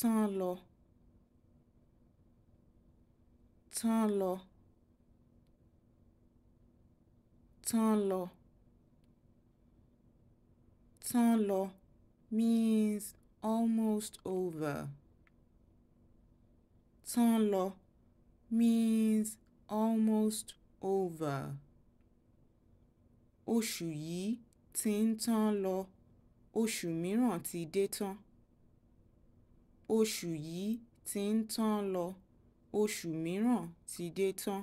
tán lọ tán lọ tán lọ tán lọ means almost over tán lọ means almost over oṣù yìí ti ń tán lọ oṣù mìíràn ti dé tán oṣù yìí ti ń tán lọ oṣù mìíràn ti dé tán